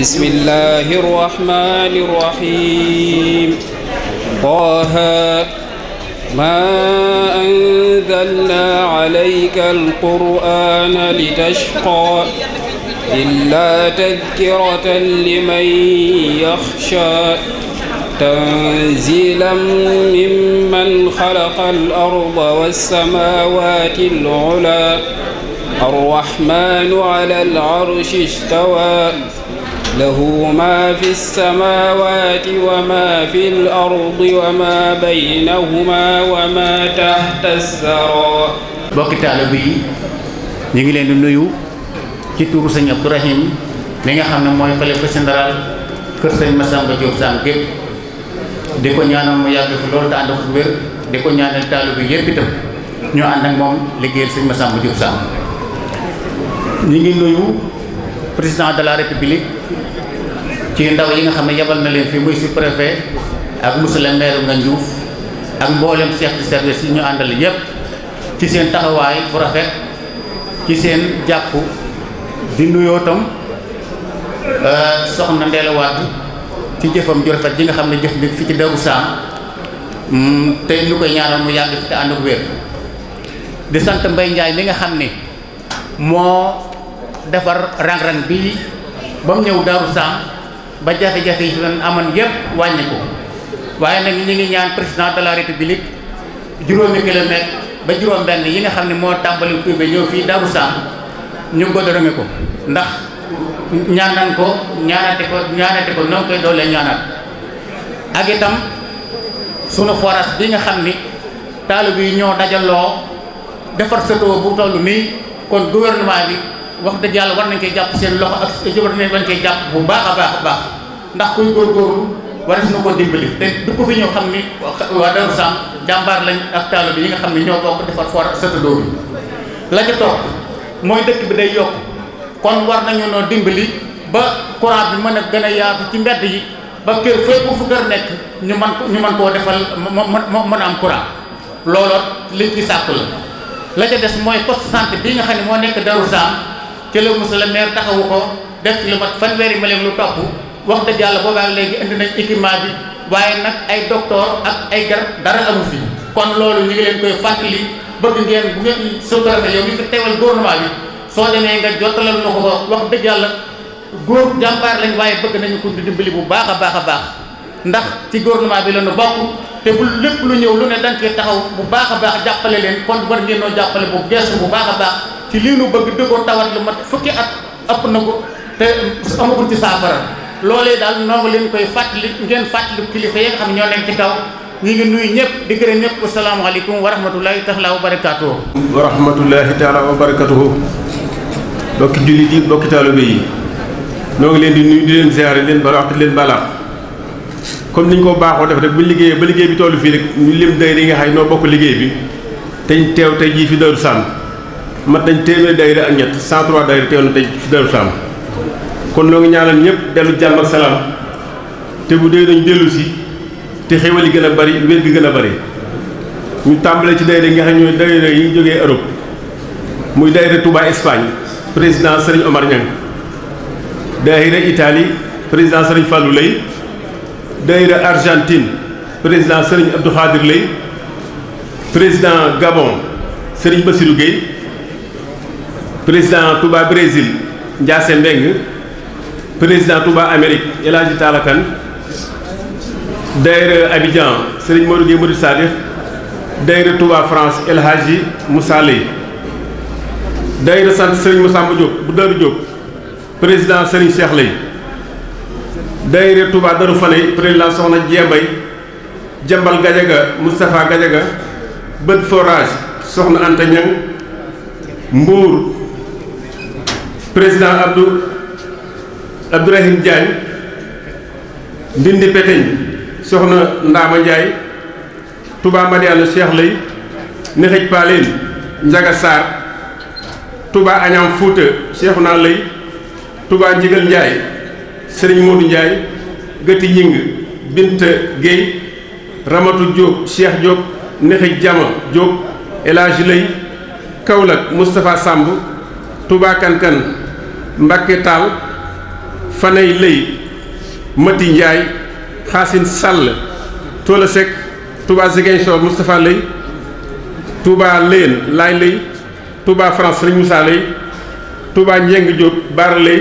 بسم الله الرحمن الرحيم طه ما أنزلنا عليك القرآن لتشقى إلا تذكرة لمن يخشى تنزيلا ممن خلق الأرض والسماوات العلى الرحمن على العرش استوى له ما ma السماوات وما في الأرض وما بينهما وما تحت الثرى bokki taalibe yi ñu ngi leen di nuyu ci turu sëñ Abdourahim mi nga xam ne mooy xalifa général kër sëñ Massamba Diop Sam gépp di ko ñaanal mu yàgg fi loolu te ànd ak wér di ko ñaanal taalibe yépp itam ñu ànd ak moom liggéeyal sëñ Massamba Diop Sam ñu ngi nuyu président de la république ci ndaw yi nga xam ne yabal na leen fi muy sous-préfet ak monsieur le maire nga Ndiouf ak mboolem chef de service yi ñu àndal yépp ci seen taxawaay bu ci seen jàpp di nuyoo tam euh, soxna Ndella Wade ci jëfam ju rafet ji nga xam ne jëf bi fi ci Darou Sam mm, te ñu koy ñaanal mu yàgg fi te ànd ak wér di sant mbay njaay mi nga xam ne moo defar rang-rang bi ba mu ñëw Darou Sam ba jafe-jafe yi si doon amoon yëpp wàññi ko waaye nag ñu ngi ñaan président de la république juróomi kilomètre ba juróom-benn yi nga xam ne moo tàmbali Touba ñëw fii Darou Sam ñu godorome ko ndax ñaan nañ ko ñaanate ko ñaanate ko noo koy doole ñaanaat ak itam sunu forage bi nga xam ni taalib bi ñoo dajaloo defar sa bu toll nii kon gouvernement bi. wax dëgg war nañ koy jàpp seen loxo ak war nañ koy jàpp bu baax a baax baax ndax kuy góorgóorlu war na koo dimbali te du ko fi ñëw xam ni waa Darou Sam jàmbaar lañ ak taalo bi yi nga xam ne ñoo bokk defar for satadoo bi la ca toog mooy dëkk bi day yokk kon war nañu noo dimbali ba courant bi mën a gën a yaatu ci mbedd yi ba kër fépp fu kër nekk ñu man ñu mën koo defal moo mën a am courant looloo liñ ci sàkku la la des mooy poste santé bi nga xam ne moo nekk Darou Sam ci la monsieur le maire taxawu ko def ci lu mat fanweeri million lu topp wax dëgg yàlla boobaag léegi indi nañ équipement bi waaye nag ay docteur ak ay gar dara amu fi kon loolu ñu ngi leen koy fàttali bëgg ngeen bu ngeen sous-préfet yow mi fi teewal gouvernement bi soo demee nga jottalal na ko wax dëgg yàlla góor jàmbaar lañ waaye bëgg nañu ko di dimbali bu baax a baax a baax ndax ci gouvernement bi la ñu bokk te bu lépp lu ñëw lu ne dañ koy taxaw bu baax a baax jàppale leen kon war ngeen noo jàppale bu geesu bu baax a ci lii nu bëgg di ko tawat lu mat fukki at ëpp na ko te amagul ci saafara loolee daal noo ngi leen koy fàttali ngeen fàttali kilifa yi nga xam ñoo nekk ci kaw ñu ngi nuyu ñëpp di gërëm ñëpp asalaamaaleykum wa rahmatulahi taala wa barakatuhu wa rahmatulahi taala wa barakatuhu bokki jullit yi bokki taalibe yi noo ngi leen di nuyu di leen ziare leen balaax di leen balaax comme niñ ko baaxoo def rek bu liggéeyee ba liggéey bi tollu fii rek ñu lim day yi noo bokk liggéey teñ teew tey jii fi Daaru Sàmm mat dañ téeméeri dayre ak ñett 103 daayira teew na tey ci Darou Salam kon noo ngi ñaanal ñëpp dellu jàmm ak salaam te bu dee dañ dellu si te xéwal yi gën a bari wér gi gën a bari ñu tàmbale ci daayira yi nga xam ñooy daayira yi jógee Europe muy daayira Touba Espagne président Serigne Omar Niang daayira Italie président Serigne Fallou Lay daayira Argentine président Serigne Abdou Khadir Lay président Gabon Serigne Bassirou Gueye président Touba Brésil Ndiassé Mbengue président Touba Amérique El Hadji Talla Kane daayira Abidjan Serigne Modou Gueye Modou Sadikh daayira Touba France El Hadji Moussa sant Serigne Moussa Mou Diop bu Darou Diop président Serigne Cheikh Leye daayira Touba Darou Fane président Soxna Jeembay Jambal Gadiaga Moustapha Gadiaga Bët Forage Soxna Anta Niang Mbour président Abdou Abdourahim Diagne Ndindi Peteñ soxna Ndaama Ndiaye Touba Madiana Cheikh Lay Nexej Paleen Njaga Sarr Touba Añam Fouta Cheikhouna Lay Touba Njigal Ndiaye Serigne Modou Ndiaye Gëti Ñing Binta Guèye Ramatu Diop Cheikh Diop Nexej Jama Diop El Hadj Lay Kaolack Moustapha Touba Kankan Mbacke Tall Fanay Lëy Mati Ndiaye Xaasin Sall Toola Seck Touba Ziguinchor Moustapha Lëy Touba Léen Laay Lëy Touba France Sëriñ Moussa Lëy Touba Njeng Diop Baara Lëy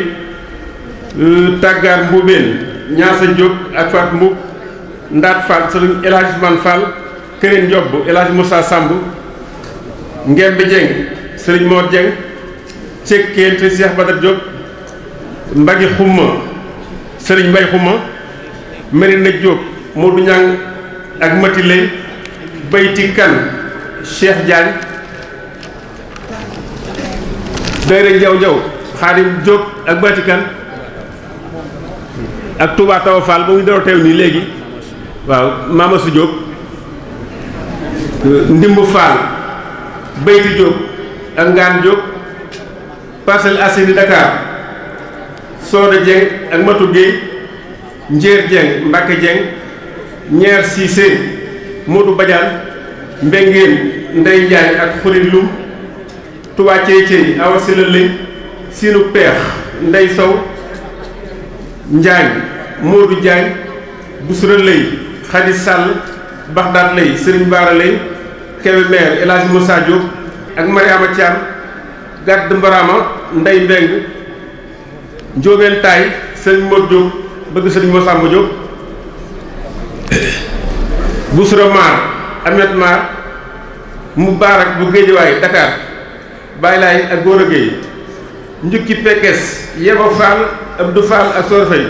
euh, Tàggaar Mbuubeen Ñaasa Diop ak Faat Mbuub Ndaat Fall Sëriñ El Hadj Man Fall Kërin Diop El Hadj Moussa Samb Ngembe Dieng Sëriñ Mor Dieng cekkeente Cheikh Badar Diop mbagi xumma sëriñ mbay xumma Marina Diop Modou Niang ak Mati Lay kan Cheikh Diagne dayre jaw jaw Xaadim Diop ak bayti kan ak Touba Tawa Fall ba mu dara teew nii léegi waaw Maama Su ndimb Fall bayti Diop ak Ngaan Diop Parcelles Assainies Dakar Soda Dieng ak Matou Guèye Ndière Dieng Mbacke Dieng Ñeer Cissé Modou Badiane Mbengeen Ndey Ndiaye ak Xurin Lum Touba Thiey Thiey Awa Sylla Lëñ Sinu Peex Ndey Sow Njaañ Modou Diagne Bousra Lëy Khady Sall Baxdaat Lëy Serigne Bara Lëy Kébé Maire El Hadj Moussa Diop ak Mariama Thiam gàdd mbaraama ndey mbeng njóobeen taay sëñ Mor Diop bëgg sëñ Mor Samba Diop Bousra Maar Amet Maar Mubaarak bu Géejawaay Dakar Baye Laay ak Góor a Géey njukki Pekes Yebo Fall Abdou Fall ak Soor Fay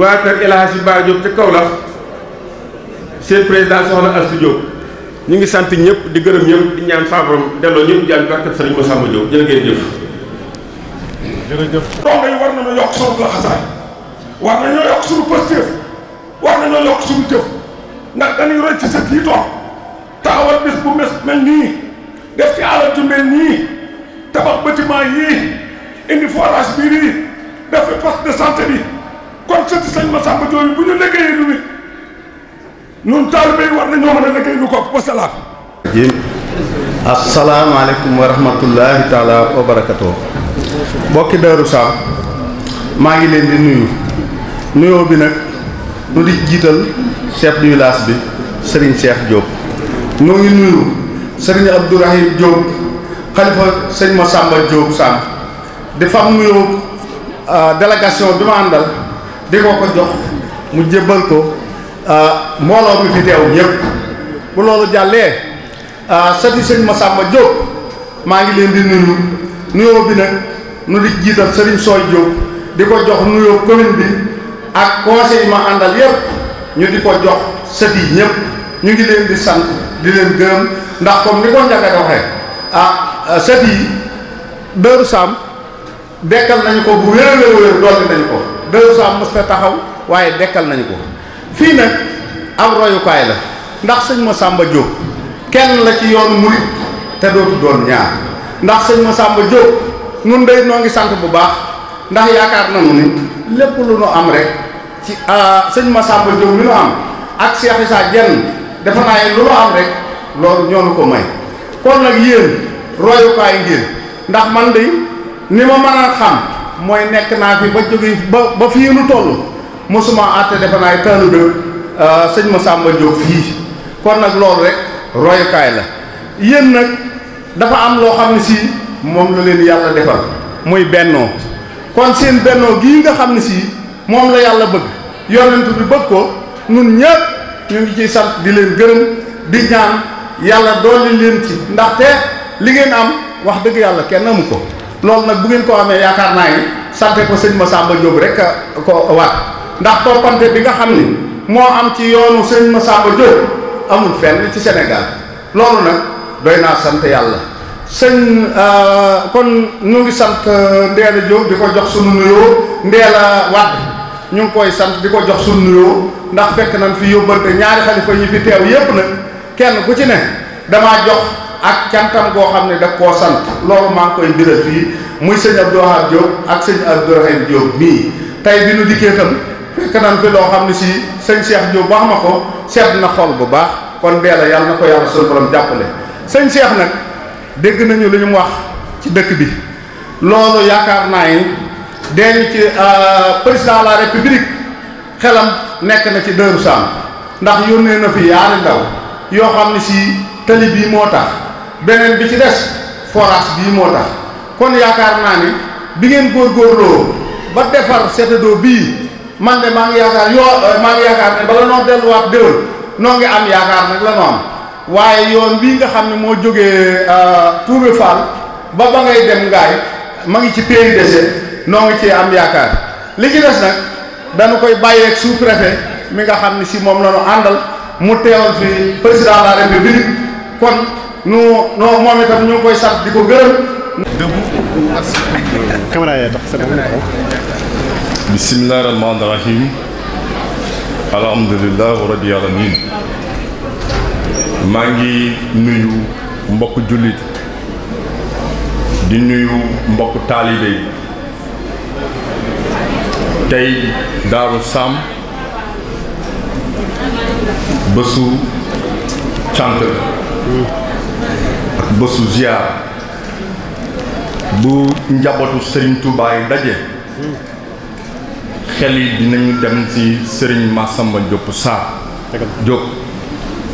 waa kër El Hadj Ba Diop ca Kaolack seen président soxna Astou Diop ñu ngi sant ñëpp di gërëm ñëpp di ñaan saa delloo ñëpp jàng barkat sëriñ Massamba Diop jërë ngeen jëf. jërëjëf. ndongo yi war nañoo yokk sunu laxasaay war nañoo yokk sunu posture war nañoo yokk sunu jëf ndax dañuy roy ci sët yi toog taxawal bis bu mes mel nii def ci alal ju mel nii tabax bâtiment yii indi forage bii nii def fi poste de santé bi kon sëti sëñ Massamba Diop bu ñu liggéeyee du ñun taalibe yi war nañoo mën a liggéey lu ko wasalaam. jim asalaamaaleykum wa rahmatullahi taala wa barakatoo bokki Darou Sam maa ngi leen di nuyu nuyoo bi nag nu di jiital chef du village bi Serigne Cheikh Diop ñoo ngi nuyu Serigne Abdourahim Diop xalifa sëñ Massamba Diop Samb di fam nuyoo ah, délégation bi ma àndal di ko ko jox mu jébbal ko. Euh, mbooloo mi fi teew ñëpp bu loolu jàllee euh, sati sëñ Massamba Diop maa ngi leen di nuyu nuyoo bi nag nu di jiital sëriñ Sooy Diop di ko jox nuyoo commune bi ak conseil ma àndal yëpp ñu di ko jox sët yi ñëpp ñu ngi leen di sant di leen gërëm ndax comme ni ko njëkk a waxee ah euh, sët yi Dërou Sam dekkal nañu ko bu wér-wér-wér dolli nañu ko Dërou Sam mos taxaw waaye dekkal nañu ko. fii nag am royukaay la ndax sëñ Masamba Diop kenn la ci yoon murit te dootu doon ñaar ndax sëñ sàmba Diop nun day noo ngi sant bu baax ndax yaakaar nañu ni lépp lu nu am rek ci ah, sëñ Masamba Diop lu nu am ak Cheikh Issa Dieng dafa naa lu nu am rek loolu ñoo nu ko may kon nag yéen royukaay ngeen ndax man de ni ma mën a xam mooy nekk naa fi ba jóge ba ba fii nu toll mosuma àtte defe naay taalibe euh, sëñ ma Massamba Diop fii kon nag loolu rek royukaay la yéen nag dafa am loo xam ne si moom la leen yàlla defal muy bennoo kon seen bennoo gii nga xam ne si moom la yàlla bëgg yonent bi bëgg ko nun ñëpp ñu ngi ciy sant di leen gërëm di ñaan yàlla dooli leen ci ndaxte li ngeen am wax dëgg yàlla kenn amu ko loolu nag bu ngeen ko amee yaakaar naa ni sante ko sëñ ma Massamba Diop rek ko waat ndax toppante bi nga xam ni moo am ci yoonu sëñ Massamba Diop amul fenn ci senegal loolu nag doy naa sant yàlla sëñ euh, kon ñu ngi sant euh, Ndéla Diop di ko jox sunu nuyoo Ndéla Wade ñu ngi koy sant di ko jox sunu nuyoo ndax fekk nañ fi yóbbante ñaari xalifa yi fi teew yépp nag kenn ku ci ne damaa jox ak cantam goo xam ne daf koo sant loolu maa ngi koy mbiral fii muy sëñ Abdou Wahab Diop ak sëñ Abdourahim Diop mii tey bi nu dikkee tam kanam fi loo xam ne si sëñ Cheikh Diop baax ma ko sedd na xol bu baax kon beela yàlla na ko yàlla suñu borom jàppale sëñ seex nag dégg nañu lu ñu wax ci dëkk bi loolu yaakaar naa yi deeñu ci euh, président de la république xelam nekk na ci Darou Sam ndax yónnee na fi yaari ndaw yoo xam ne si tali bii moo tax beneen bi ci des forage bii moo tax kon yaakaar naa ni bi ngeen góorgóorloo ba defar seetadoo bii man de maa ngi yaakaar yoo euh, maa ngi yaakaar ne bala noo delluwaat déwén noo ngi am yaakaar nag la noo am waaye yoon bii nga xam ne moo jógee euh, Toubé Fall ba ba ngay dem ngaay ma ngi ci téeri dese noo ngi ci am yaakaar li ci des nag dañu koy bàyyeek sous préfet mi nga xam ne si moom la ñu àndal mu teewal fi président de bi république kon nu noo moom itam ñu koy sant di ko gërëm. dëgg. caméra tax bisimilah rahmaan rahim alhamdulilah rabbil alamin maa ngi nuyu mbokk jullit di nuyu mbokk taalibe yi tey Daaru Sam bésu cant ak bésu ziar bu njabootu Serigne Touba yi xel yi dinañu dem ci Serigne Massamba Diop Sarr Diop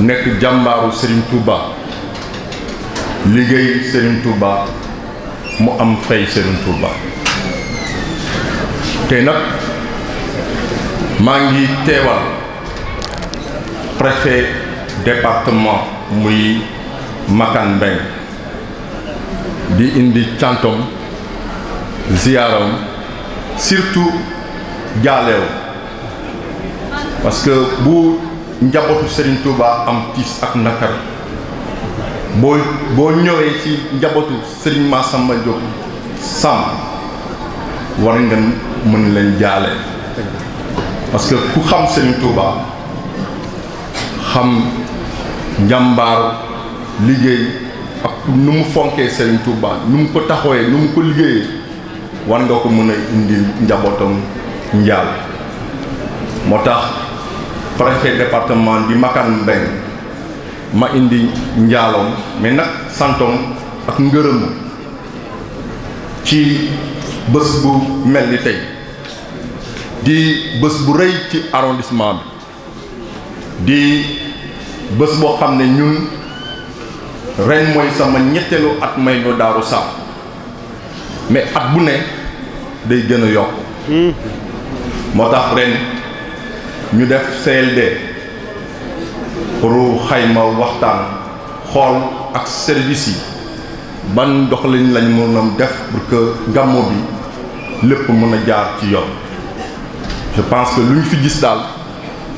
nekk jàmbaaru Serigne Touba liggéey Serigne Touba mu am fay Serigne Touba te nag maa ngi teewal préfet département muy Makan Mbeng di indi cantom ziyaaram jaaleew parce que bu njabootu Serigne Touba am tiis ak nakar boo boo ñëwee ci njabootu Serigne Massamba Diop sàmm war nga mën leen jaale parce que ku xam Serigne Touba xam njàmbaaru liggéey ak nu mu fonkee Serigne Touba nu mu ko taxawee nu mu ko liggéeyee war nga ko mën a indi njabootam. njaal moo tax préfet département bi Makan Mbeng ma indi njaaloom mais nag santoom ak ngërëm ci bés bu mel ni tey di bés bu rëy ci arrondissement bi di bés boo xam ne ñun ren mooy sama ñetteelu at may ñu daaru saam mais at bu ne day gën a yokk hmm. moo tax ren ñu def CLD pour xayma waxtaan xool ak service yi ban doxalin lañ mën a def pour que bi lépp mën a jaar ci yoon je pense que lu ñu fi gis daal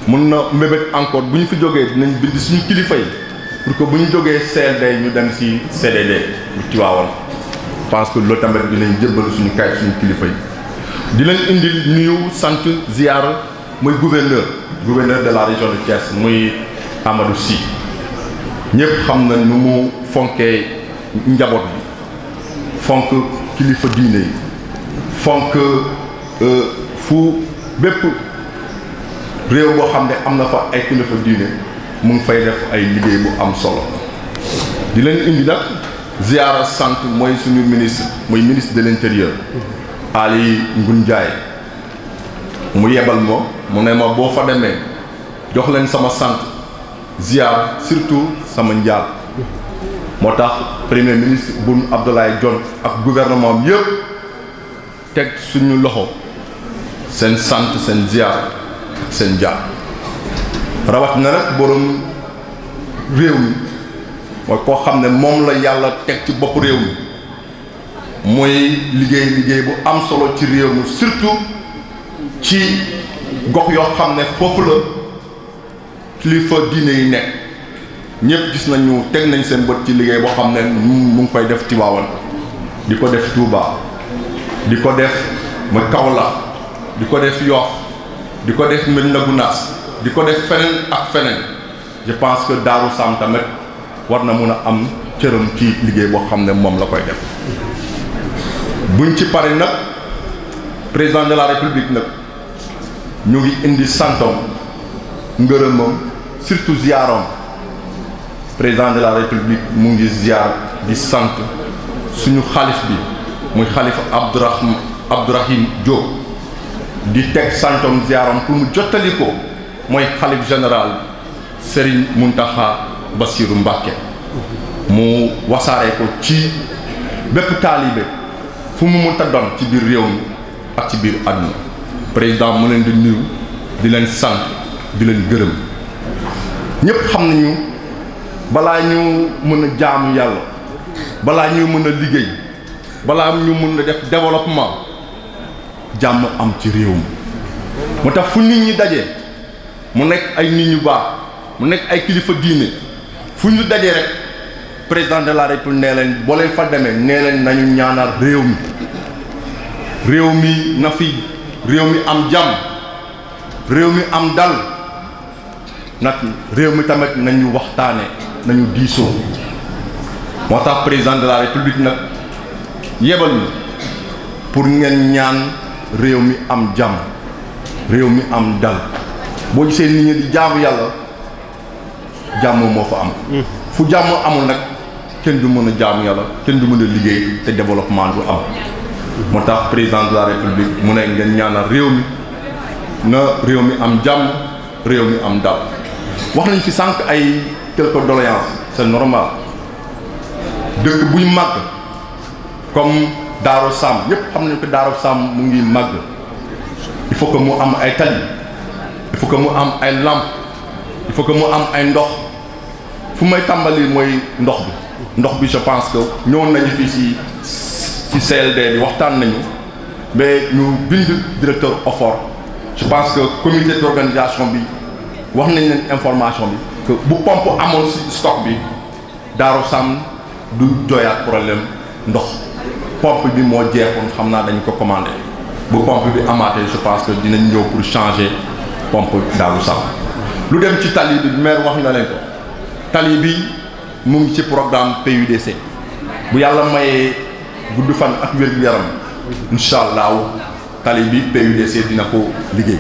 mën na mébét encore bu ñu fi jógee dinañ bind suñu kilifa yi pour que bu ñu jógee CLD ñu dem ci CDD bu Tivaouane je pense que loolu tamit dinañ jëbbal suñu kayit suñu kilifa yi di leen indi nuyu sant ziar muy gouverneur gouverneur de la région de Thiès muy Amadou si ñëpp xam na ni mu fonkee njaboot bi fonk kilifa diine yi fonk euh, fu bépp réew boo xam ne am na fa ay kilifa diine mu ngi fay def ay liggéey bu am solo di leen indi nag ziara sant mooy suñu ministre mooy ministre de l'intérieur Ali Ngun Jaay mu yebal ma mu ne ma boo fa demee jox leen sama sant ziar surtout sama njaal moo tax premier ministre Boun Abdallah Dionne ak gouvernement am yëpp teg suñu loxo seen sant seen ziar seen njaal rawat na nag borom réew mi mooy koo xam ne moom la yàlla teg ci bopp réew mi mooy liggéey liggéey bu am solo ci réew mi surtout ci gox yoo xam ne foofu la kilifa diine yi nekk ñëpp gis nañu teg nañ seen bët ci liggéey boo xam ne mu ngi koy def Tivaouane di ko def Touba di ko def ma Kaolack di ko def Yoff di ko def Médina Gounass di ko def feneen ak feneen je pense que Daaru Sam tamit war na mun a am cëram ci liggéey boo xam ne moom la koy def buñ ci pare nag président de la république nag ñu ngi indi santom ngërëmam surtout ziarom président de la république mu ngi ziar di sant suñu xalif bi muy xalif Abdourahim Abdourahim Diop di teg santom ziarom pour mu jottali ko mooy xalif général Serigne Mountakha Bassirou Mbacké mu wasaare ko ci bépp taalibe fu mu mënta doon ci biir réew mi ak ci biir àdduna président mu leen di nuyu di leen sant di leen gërëm ñëpp xam nañu balaa ñu mën a jaamu yàlla balaa ñu mën a liggéey balaa ñu mën a def développement jàmm am ci réew mi moo tax fu nit ñi daje mu nekk ay nit ñu baax mu nekk ay kilifa diine fu ñu dajee rek. président de la république nee leen boo leen fa demee nee leen nañu ñaanal réew mi réew mi na fi réew mi am jàmm réew mi am dal nag réew mi tamit nañu waxtaane nañu diisoo moo tax président de la république nag yebal mi pour ngeen ñaan réew mi am jàmm réew mi am dal boo gisee nit ñi di jaamu yàlla jàmm moo fa am mm. fu jàmm amul nag kenn du mën a jaamu yàlla kenn du mën a liggéey te développement bu am moo tax président de la république mu ne ngeen ñaana réew mi na réew mi am jàmm réew mi am dal wax nañ fi sànq ay quelques doléances c'est normal dëkk buy màgg comme Daaru Sam ñëpp xam nañ ko Daaru Sam mu ngi màgg il faut que mu am ay tali il faut que mu am ay làmp il faut que mu am ay ndox fu may tàmbali mooy ndox bi ndox bi je pense que ñëwoon nañu fii ci ci CLD bi waxtaan nañu mais ñu bind directeur OFOR je pense que comité d'organisation bi wax nañ leen information bi que bu pompe amoon ci stock bi Daaru Sam du jooyaat problème ndox pompe bi moo jeexoon xam naa dañ ko commandé bu pompe bi amaatee je pense que dinañ ñëw pour changer pompe Daaru Sam lu dem ci tali bi maire wax na leen ko tali bi mu ngi ci programme PUDC bu yàlla mayee gudd fan ak wér-gu-yaram incha allahu tali bi PUDC dina ko liggéey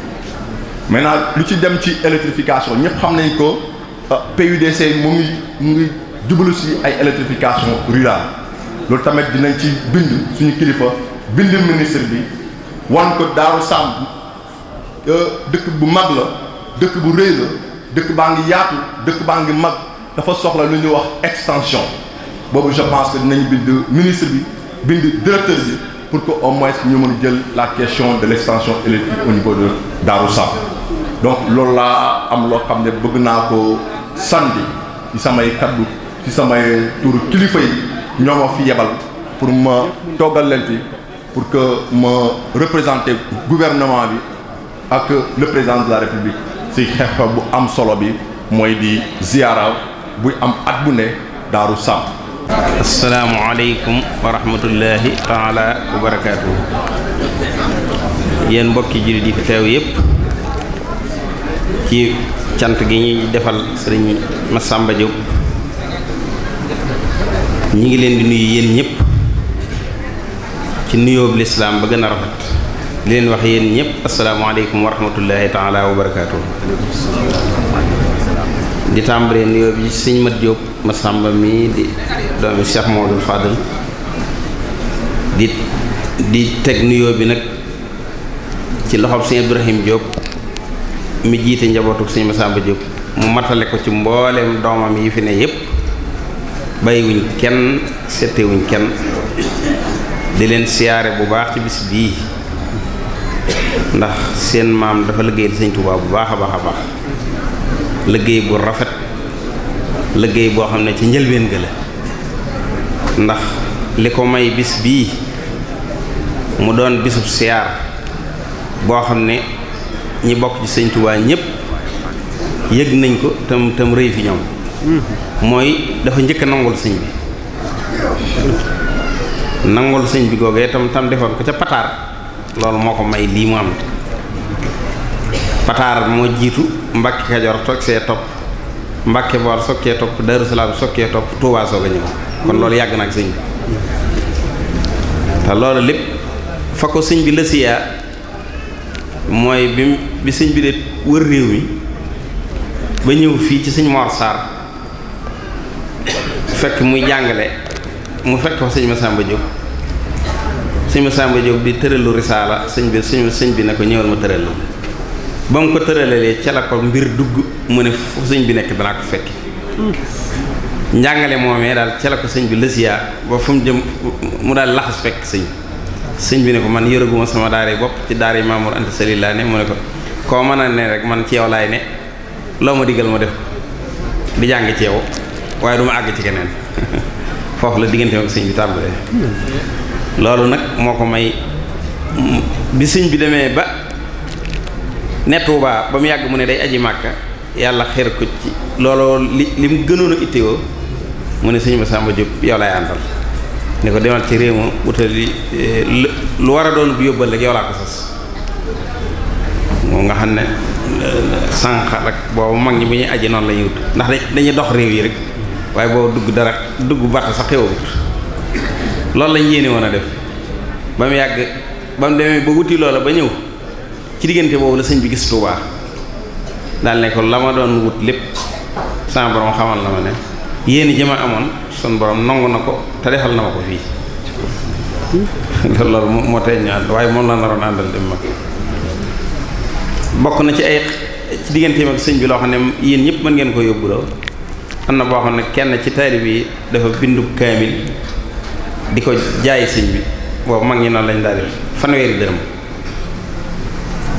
maintenant lu ci dem ci électrification ñëpp xam nañ ko euh, PUDC mu ngi mu ngi jublu si ay électrification rurale loolu tamit dinañ ci bind suñu kilifa bind ministre bi wan ko Daaru Sàmm euh, dëkk bu mag la dëkk bu réy la dëkk baa ngi yaatu dëkk baa ngi mag dafa soxla lu ñu wax extension boobu je pense que dinañ bind ministre bi bind directeur bi pour que au moins ñu mën jël la question de l' extension électrique au niveau de Darou Sam donc loolu laa am loo xam ne bëgg naa ko sandi ci samay kaddu ci samay turu kilifa yi ñoo ma fi yebal pour ma toggal leen pour que ma représenter gouvernement bi ak le de la république si xeex bu am solo bi mooy di ziara buy am at bu ne daaru sàmm asalaamualeykum wa rahmatullahi taala wa barakaatuhu yéen mbokki jullit yi fi teew yépp ci cant gi ñuy defal sëriñ Massamba Diop ñi ngi leen di nuyu yéen ñëpp ci nuyóob lislaam ba gën a rafet di leen wax yéen ñëpp asalaamaaleykum wa rahmatullahi taala wa di tàmbalee nuyoo bi sëñ Mat Jóob Masamba mi di doomi Cheikh Modou Fadal di di teg nuyoo bi nag ci loxob sëñ Ibrahim Jóob mi jiite njabootu sëñ Masamba Jóob mu matale ko ci mbooleem doomam yi fi ne yépp bàyyiwuñ kenn settewuñ kenn di leen siyaare bu baax ci bis bii ndax seen maam dafa liggéeyal sëñ Tuubaa bu baax a baax a baax liggéey bu rafet liggéey boo xam ne ci njëlbeen ga la ndax li ko may bis bii mu doon bisub siyaar boo xam ne ñi bokk ci sëñ Tuubaa ñépp yëg nañ ko tam tam rëy fi ñoom mooy dafa njëkk a nangul sëñ bi nangul sëñ bi googee tam tam defoon ko ca pataar loolu moo ko may lii mu am pataar moo jiitu Mbàkke Kajoor sokkee topp Mbàkke Boor sokkee topp Daaru Salaam sokkee topp Tuubaa soog a ñëw kon loolu yàgg na ak sëñ bi te loolu lépp fa ko sëñ bi la siyaa mooy bi sëñ bi de wër réew mi ba ñëw fii ci sëñ Mor Sarr fekk muy jàngale mu fekk fa sëñ Masamba Diop sëñ Masamba Diop di tëralu risaala sëñ bi sëñ bi ne ko ñëwal ma tëral la ba mu ko tëralalee ca la ko mbir dugg mu ne fu sëñ bi nekk danaa ko fekki njàngale moomee daal ca ko sëñ bi lësiyaa ba fu mu jëm mu daal laxas fekk sëñ sëñ bi ne ko man yërëguma sama daara bopp ci daara yi Mamour Anta Sali laa ne mu ne ko koo mën a ne rek man ci yow laay ne loo ma digal ma def ko di jàng ci yow waaye du ma àgg ci keneen foofu la diggante ak sëñ bi tàmbalee hmm. loolu nag moo ko may bi sëñ bi demee ba ne Touba ba mu yàgg mu ne day aji màkka yàlla xër ko ci looloo li li mu gënoon a mu ne sëñ Massamba Diop yow laay àndal ne ko demal ci réew ma yi eh, lu war a doon bu yóbbal rek yow laa ko sas moom nga xam ne eh, sànq rek boobu mag ñi bu ñuy aji noon la wut ndax dañuy dox réew yi rek waaye boobu dugg dara dugg bàtt sax xewawut loolu lañ yéene woon a def ba mu yàgg ba mu demee ba wuti loola ba ñëw ci diggante boobu la sëñ bi gis Touba daal ne ko la ma doon wut lépp sama borom xamal na ma ne yéen jëma amoon sun borom nangu na ko te defal na ma ko fii loolu moo tey ñu ànd waaye moom la naroon àndal dem mag bokk na ci ay ci digganteem ak sëñ bi loo xam ne yéen ñëpp mën ngeen ko yóbbu loo am na boo xam ne kenn ci taalib yi dafa bindu kaamil di ko jaay sëñ bi boobu mag ñi noonu lañ daal di fanweeri dërëm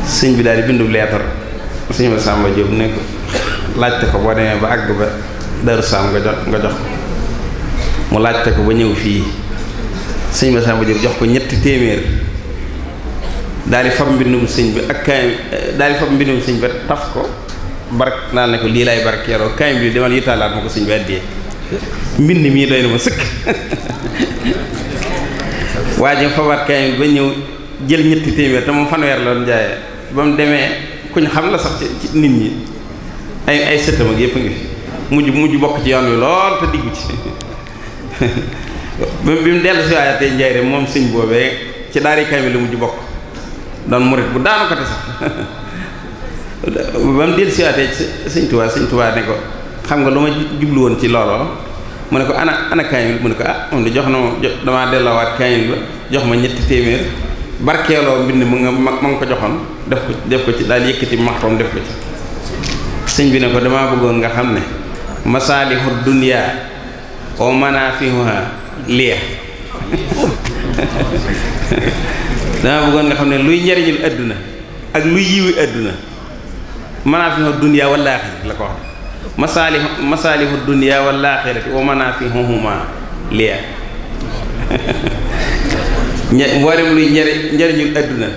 sëñ bi daal di bindu leetar sëñ ma Samba Diop ne ko laajte ko boo demee ba àgg ba Darou Sam nga jox nga jox ko mu laajte ko ba ñëw fii sëñ ma Samba Diop jox ko ñetti téeméer daal di fab mbindum sëñ bi ak kaay daal di fab mbindum sëñ bi lii laay barkeeroo kaay bi demal yitaalaat ma ko addiyee mbind mii doy na ma sëkk waa ji fabaat kaay bi ba ñëw jël ñetti téeméer te moom fanweer la doon ba mu demee ku ñu xam la sax ci nit ñi ay ay sëtam ak yëpp ngi fi mujj mujj bokk ci yoon wi lool te diggu ci bi mu dellu si waaye rek moom sëñ boobee ci daari kay mi la mujj bokk doon murit bu daanu ko te sax ba mu dellu si sëñ Tuubaa sëñ Tuubaa ne ko xam nga lu ma jublu woon ci looloo mu ne ko ana ana kaamil mu ne ko ah moom de jox na ma damaa delloowaat kaamil ba jox ma ñetti téeméer barkeeloo mbind mu nga ma nga ko joxoon def ko def ko ci daal yëkkati maxtoom def ko ci sëñ bi ne ko damaa bëggoon nga xam ne masaalihu dunya wa manaafihuha liya damaa bëggoon nga xam ne luy njariñul àdduna ak luy yiwi àdduna manaafihu dunya wal aaxirati la ko wax masaalihu masaalihu ñe mboolem luy njëriñ njëriñul adduna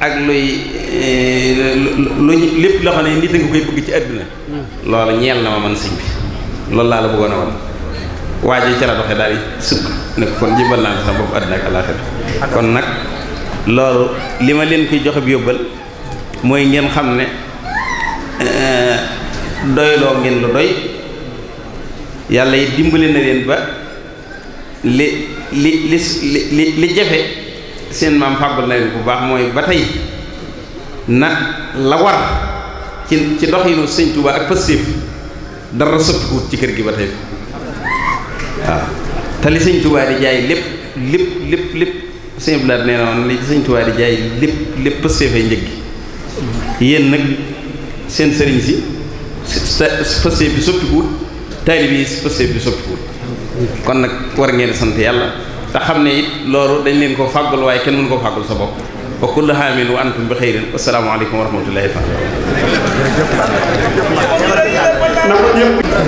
ak luy eh, lu lépp loo xam ne nit a nga koy bëgg ci adduna hmm. loolu ñeel na ma man sëñ bi loolu laa la bëggoon a woon waajo ca la doxee daal di sukk ne ko kon jëbal naa la sama bopp adduna ak àllaaxira kon nag loolu li ma leen koy joxe bi yóbbal mooy ngeen xam ne eh, doyloo ngeen lu doy yàlla yi dimbali na leen ba li li li li li jafe seen maam fàggul na bu baax mooy ba tey na la war ci ci doxinu sëñ Tuuba ak positif dara sottiwut ci kër gi ba tey waaw te li sëñ Tuuba di jaay lépp lépp lépp lépp sëñ Blaat nee na woon li sëñ Tuuba di jaay lépp lépp positif ay njëg gi yéen nag seen sëriñ si positif bi sottiwut taalib yi bi sottiwut kon nag war ngeen sant yàlla. te xam ne it loolu dañ leen ko fàggul waaye kenn mënu ko fàggul sa bopp wa kullu haamin wa antum bi xayrin assalaamu aleykum wa rahmatullahi taala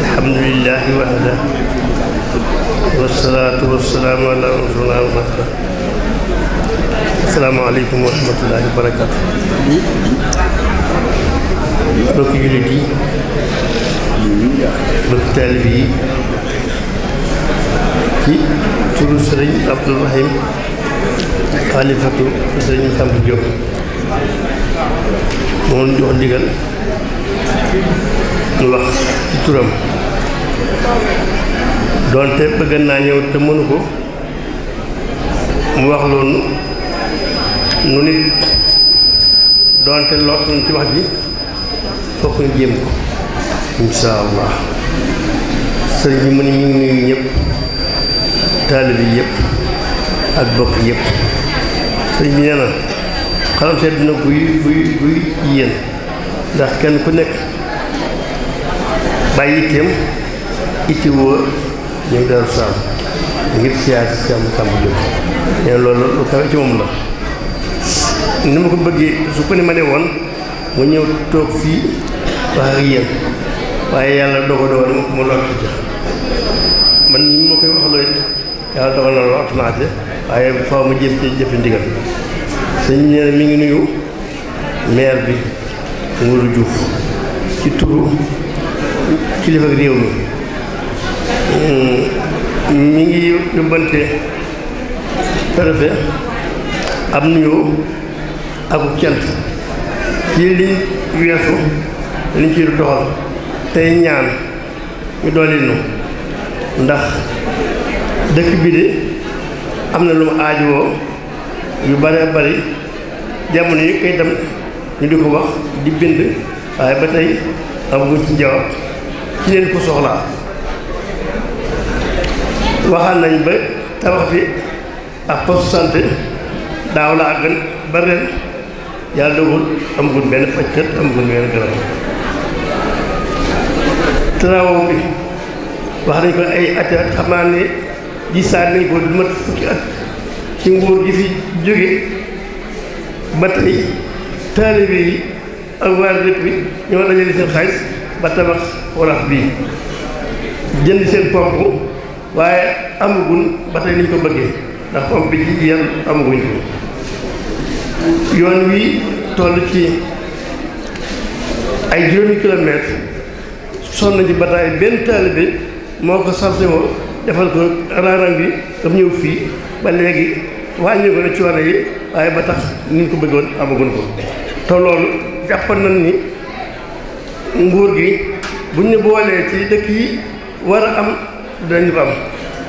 alhamdulillahi wahda wasalaatu wasalaamu ala rasulillah wahda assalaamu aleykum wa rahmatullahi wa barakaatu mbokki jullit yi mbokki taalib yi ci turu sëriñ Abdou Rahim xaalifatu sëriñ Samb Diop moo jox ndigal mu wax ci turam doonte bëgg naa ñëw te mënu ko mu wax loolu nu nit doonte lool nañ ci wax ji fokk ñu jéem ko insha sëriñ bi mu ne ñu ngi nuyu taalibe yi ak bokk yëpp sëñ bi nee na xalam seet dina buy buy buy yéen ndax kenn ku nekk bàyyi itteem itti woo ñu ngi Daaru ngir siyaar si am sàmm jóg loolu lu kawe ci moom la ni ma ko bëggee su ko ni ma ne woon mu ñëw toog fii wax ak yéen waaye yàlla doo ko mu lott man ñi ma koy wax looy yàlla dogal na loolu attanaa ci waaye faw ma jëm ci jëfe ndigal sëñ bi nee mi ngi nuyu maire bi Nguuru Diouf ci turu kilifa réew mi hmm, mi ngi yóbbante préfet ab nuyoo ak cant ci liñ weesu liñ ci doxal tey ñaan ñu dolli ndax dëkk bi de am na lu mu aajowoo yu bare bari jamono yi koy dem ñu di ko wax di bind waaye ba tey amaguñ ci jawab ci leen ko soxlaa waxaan nañ ba tabax fi ak poste santé daaw la àggan ba ren yàlla dogul amaguñ benn fajkat benn garab travaux bi wax nañ ko ay at xam naa gisaan nañ ko du mat fukki at ci nguur gi fi jóge ba tey taalibe yi ak waa dëkk bi ñoo dajale seen xaalis ba tabax orax bii jënd seen pompe waaye amaguñ ba tey niñ ko bëggee ndax pompe bi ci yan amaguñ ko yoon wi toll ci ay juróomi kilomètre sonn ci bataay benn taalibe moo ko sarse woo defal ko raaraan bi dam ñëw fii ba léegi wàññi ko na coono yi waaye ba tax ni ko bëggoon amaguñ ko te loolu jàpp nañ ni nguur gi buñ ñu boolee ci dëkk yi war a am dañu ko am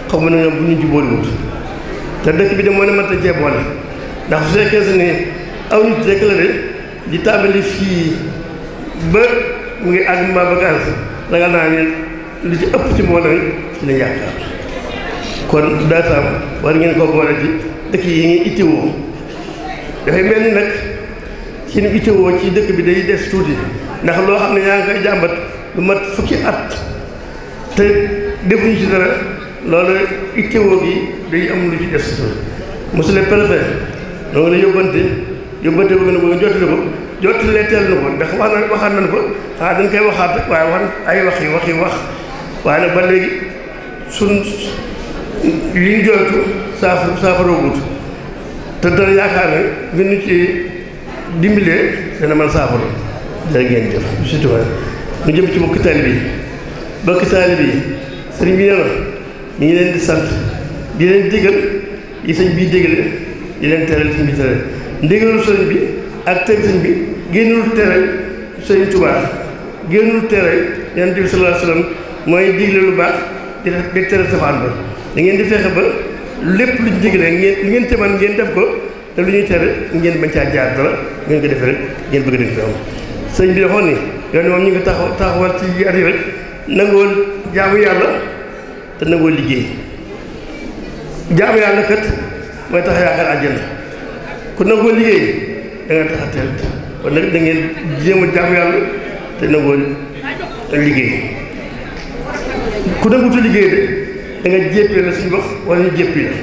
xaw ma ne ñoom bu ñu jubóoliwut te dëkk bi de moo ne mënta jeeboole ndax su fekkee si ne aw nit rek la de di tàmbali fii ba mu ngi àgg ba gàncax ragal naa ne. li ci ëpp ci mbooloo yi ci la yaakaar kon daa saam war ngeen ko boole ci dëkk yi ngeen ittiwoo dafay mel ni nag seen ittiwoo ci dëkk bi day def tuuti ndax loo xam ne yaa ngi koy jàmbat lu mat fukki at te defuñu ci dara loolu ittiwoo gi day am lu ci des tuuti monsieur le préfet la yóbbante yóbbante boobu ne boobu jottali ko jottali teel na ko ndax wax na waxaat nañ ko xanaa dañ koy waxaat waaye wax ay wax yi wax yi wax waaye nag ba léegi suñ liñ jooytu saafara saafaroogut te dana yaakaar ne ñu ci dimbalee dana mën saafara dana ngeen jëf surtout ñu jëm ci bokki taalibe yi bokki taalibe yi sëriñ bi nee na ñu ngi leen di sant di leen digal yi sëñ bi dégale di leen teral sëñ bi teral ndigalu sëriñ bi ak teg sëñ bi génnul teral sëriñ Tuubaa génnul teral yonent bi sallallahu alayhi wa sallam mooy digle lu baax di di tere safaan ba da ngeen di fexe ba lépp luñ digle ngeen lu ngeen tëman ngeen def ko te lu ñuy tere ngeen bañ caa jaar dara ngeen ko defee rek ngeen bëgg def am sëñ bi ñu ngi taxaw taxawal ci at yi rek nangoo jaamu yàlla te nangoo liggéey jaamu yàlla kat mooy tax yaakaar àjjana ku nangoo liggéey da tax a teel kon nag da ngeen jéem a jaamu yàlla te nangoo liggéey ku nangutu liggéey de da nga la suñu wax wala ñu jéppi la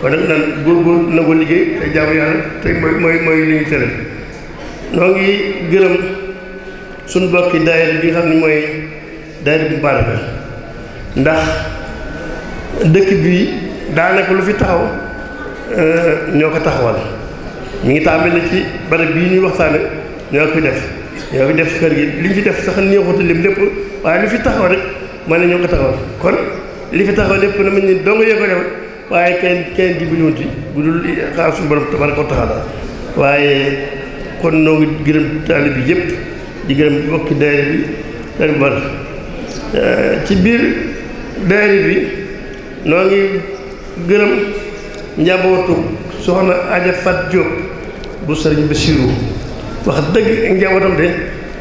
kon nag naan góorgóor nangoo liggéey te jaamu mooy mooy li ñu tere noo ngi gërëm suñu bokki daayira bi nga xam ne mooy daayira bu barke ndax dëkk bi daanaka lu fi taxaw eh, ñoo ko taxawal mi ngi tàmbali ci barab bii ñuy waxtaane ñoo ko fi def ñoo fi def kër gi li ñu fi def sax neexutu lim lépp waaye lu fi taxaw rek man ne ñoo ko taxawal kon li fi taxaw lépp na mañ ne doo nga yee ko defal waaye kenn kenn dimbaliwut ci bu dul xaar suñu borom tabaraka wa taala waaye kon noo ngi gërëm taali bi yëpp di gërëm bokki daayira bi daayira eh, biir daayira bi noo ngi gërëm njabootu soxna Aja Fat Diop bu sëriñ Bassirou wax dëgg njabootam de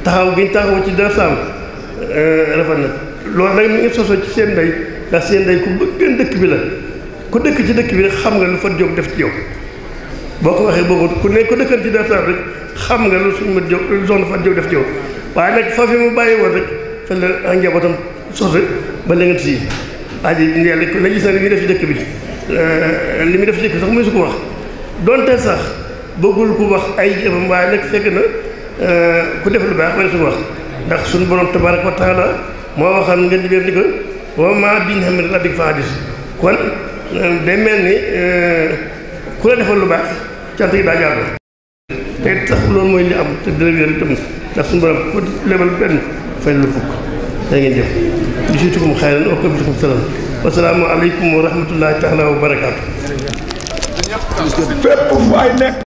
taxaw gi ñu ci dara saam eh, rafet na loolu nag mi ngi sosoo ci seen ndey ndax seen ndey ku bëgg dëkk bi la ku dëkk ci dëkk bi rek xam nga lu Fat Diop def ci yow boo ko waxee boobu ku ne ku dëkkan ci Dakar rek xam nga lu suñu Mat Diop lu soxna def ci yow waaye nag foofu mu bàyyi woon rek fa la ak njabootam sose ba léegi si aji ndeel ku ne gis na def ci dëkk bi euh, li muy def ci dëkk bi sax wax donte sax bëggul ku wax ay jëfam waaye nag fekk na euh, ku def lu baax wala su wax ndax suñu borom tabaaraka wa taala moo waxoon ngeen di wér di ko wa maa biñ xam ne abik fa kon euh, day ni euh, ku la defal lu baax cant yi daa jàll te tax loolu mooy li am te dina wér itam ndax suñu borom ku lebal benn fay lu fukk da jëf bi si tukum xayran wa kabitukum salaam wasalaamu aleykum wa rahmatullahi taala wa barakaatu fépp